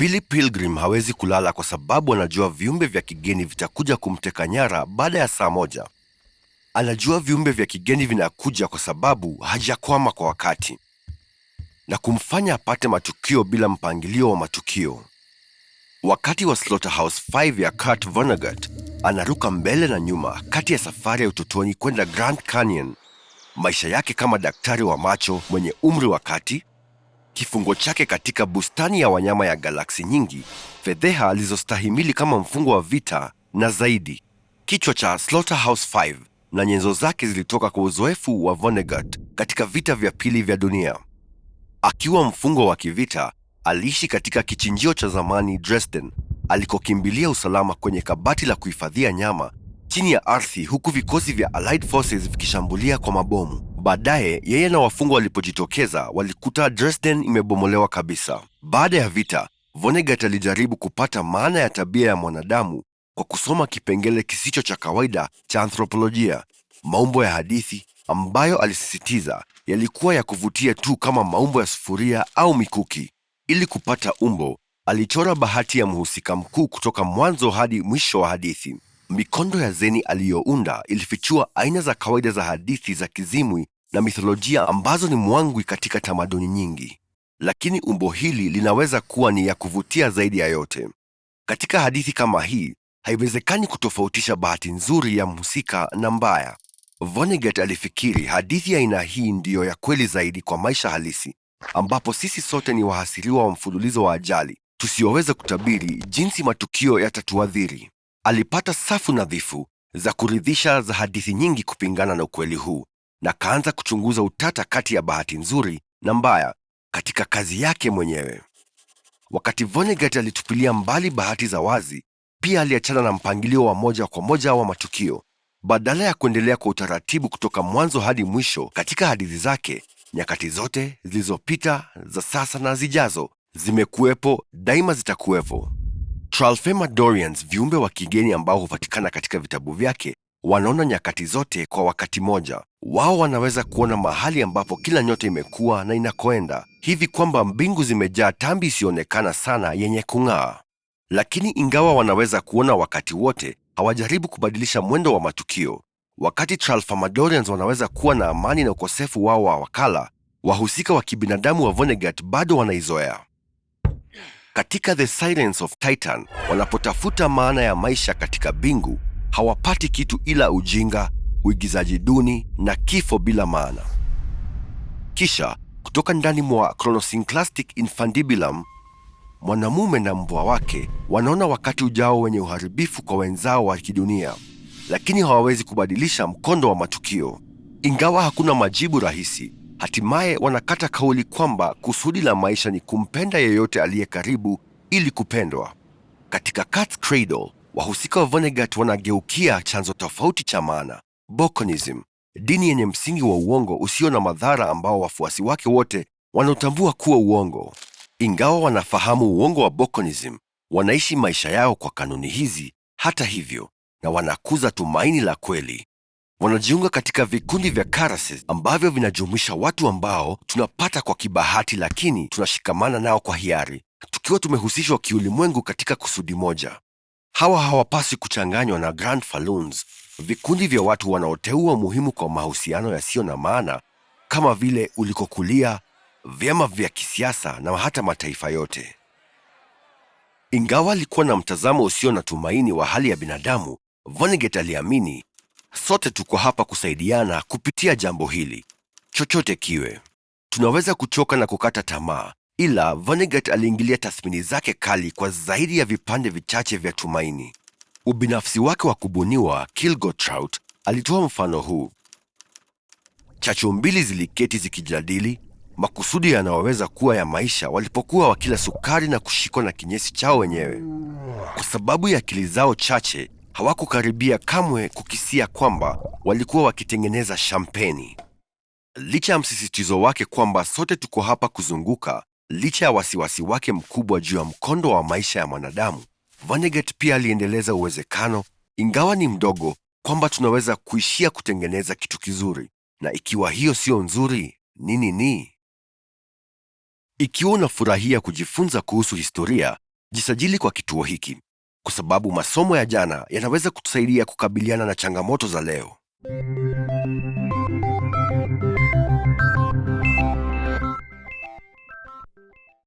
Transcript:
Billy Pilgrim hawezi kulala kwa sababu anajua viumbe vya kigeni vitakuja kumteka nyara baada ya saa moja. Anajua viumbe vya kigeni vinakuja kwa sababu hajakwama kwa wakati na kumfanya apate matukio bila mpangilio wa matukio. Wakati wa Slaughterhouse 5 ya Kurt Vonnegut, anaruka mbele na nyuma kati ya safari ya utotoni kwenda Grand Canyon, maisha yake kama daktari wa macho mwenye umri wa kati kifungo chake katika bustani ya wanyama ya galaksi nyingi, fedheha alizostahimili kama mfungo wa vita na zaidi. Kichwa cha Slaughterhouse 5 na nyenzo zake zilitoka kwa uzoefu wa Vonnegut katika vita vya pili vya dunia. Akiwa mfungo wa kivita, aliishi katika kichinjio cha zamani Dresden, alikokimbilia usalama kwenye kabati la kuhifadhia nyama chini ya ardhi, huku vikosi vya Allied Forces vikishambulia kwa mabomu. Baadaye yeye na wafungwa walipojitokeza walikuta Dresden imebomolewa kabisa. Baada ya vita, Vonnegut alijaribu kupata maana ya tabia ya mwanadamu kwa kusoma kipengele kisicho cha kawaida cha anthropolojia. Maumbo ya hadithi ambayo alisisitiza yalikuwa ya kuvutia tu kama maumbo ya sufuria au mikuki. Ili kupata umbo, alichora bahati ya mhusika mkuu kutoka mwanzo hadi mwisho wa hadithi. Mikondo ya Zeni aliyounda ilifichua aina za kawaida za hadithi za kizimwi na mitholojia ambazo ni mwangwi katika tamaduni nyingi, lakini umbo hili linaweza kuwa ni ya kuvutia zaidi ya yote. Katika hadithi kama hii, haiwezekani kutofautisha bahati nzuri ya mhusika na mbaya. Vonnegut alifikiri hadithi ya aina hii ndiyo ya kweli zaidi kwa maisha halisi, ambapo sisi sote ni wahasiriwa wa mfululizo wa ajali tusiyoweza kutabiri jinsi matukio yatatuathiri. Alipata safu nadhifu za kuridhisha za hadithi nyingi kupingana na ukweli huu, na akaanza kuchunguza utata kati ya bahati nzuri na mbaya katika kazi yake mwenyewe. Wakati Vonnegut alitupilia mbali bahati za wazi, pia aliachana na mpangilio wa moja kwa moja wa matukio. Badala ya kuendelea kwa utaratibu kutoka mwanzo hadi mwisho katika hadithi zake, nyakati zote zilizopita, za sasa na zijazo, zimekuwepo, daima zitakuwepo. Tralfema Dorians, viumbe wa kigeni ambao hupatikana katika vitabu vyake, wanaona nyakati zote kwa wakati moja. Wao wanaweza kuona mahali ambapo kila nyota imekuwa na inakoenda, hivi kwamba mbingu zimejaa tambi isiyoonekana sana yenye kung'aa. Lakini ingawa wanaweza kuona wakati wote, hawajaribu kubadilisha mwendo wa matukio. Wakati Tralfamadorians wanaweza kuwa na amani na ukosefu wao wa wakala, wahusika wa kibinadamu wa Vonnegut bado wanaizoea. Katika The Silence of Titan, wanapotafuta maana ya maisha katika bingu, hawapati kitu ila ujinga, uigizaji duni na kifo bila maana. Kisha kutoka ndani mwa Chronosynclastic Infundibulum, mwanamume na mbwa wake wanaona wakati ujao wenye uharibifu kwa wenzao wa kidunia, lakini hawawezi kubadilisha mkondo wa matukio. Ingawa hakuna majibu rahisi, hatimaye wanakata kauli kwamba kusudi la maisha ni kumpenda yeyote aliye karibu ili kupendwa. Katika Cat's Cradle, wahusika wa Vonnegut wanageukia chanzo tofauti cha maana, Bokonism, dini yenye msingi wa uongo usio na madhara ambao wafuasi wake wote wanaotambua kuwa uongo. Ingawa wanafahamu uongo wa Bokonism, wanaishi maisha yao kwa kanuni hizi hata hivyo, na wanakuza tumaini la kweli wanajiunga katika vikundi vya Caritas ambavyo vinajumuisha watu ambao tunapata kwa kibahati, lakini tunashikamana nao kwa hiari, tukiwa tumehusishwa kiulimwengu katika kusudi moja. Hawa hawapaswi kuchanganywa na Grand Falloons, vikundi vya watu wanaoteua umuhimu kwa mahusiano yasiyo na maana kama vile ulikokulia, vyama vya kisiasa na hata mataifa yote. Ingawa alikuwa na mtazamo usio na tumaini wa hali ya binadamu, Vonnegut aliamini Sote tuko hapa kusaidiana kupitia jambo hili, chochote kiwe. Tunaweza kuchoka na kukata tamaa, ila Vonnegut aliingilia tathmini zake kali kwa zaidi ya vipande vichache vya tumaini. Ubinafsi wake wa kubuniwa Kilgotrout alitoa mfano huu: chachu mbili ziliketi zikijadili makusudi yanayoweza kuwa ya maisha walipokuwa wakila sukari na kushikwa na kinyesi chao wenyewe. Kwa sababu ya akili zao chache, hawakukaribia kamwe kukisia kwamba walikuwa wakitengeneza shampeni. Licha ya msisitizo wake kwamba sote tuko hapa kuzunguka, licha ya wasiwasi wake mkubwa juu ya mkondo wa maisha ya mwanadamu, Vonnegut pia aliendeleza uwezekano, ingawa ni mdogo, kwamba tunaweza kuishia kutengeneza kitu kizuri, na ikiwa hiyo siyo nzuri, nini ni? Ikiwa unafurahia kujifunza kuhusu historia, jisajili kwa kituo hiki kwa sababu masomo ya jana yanaweza kutusaidia kukabiliana na changamoto za leo.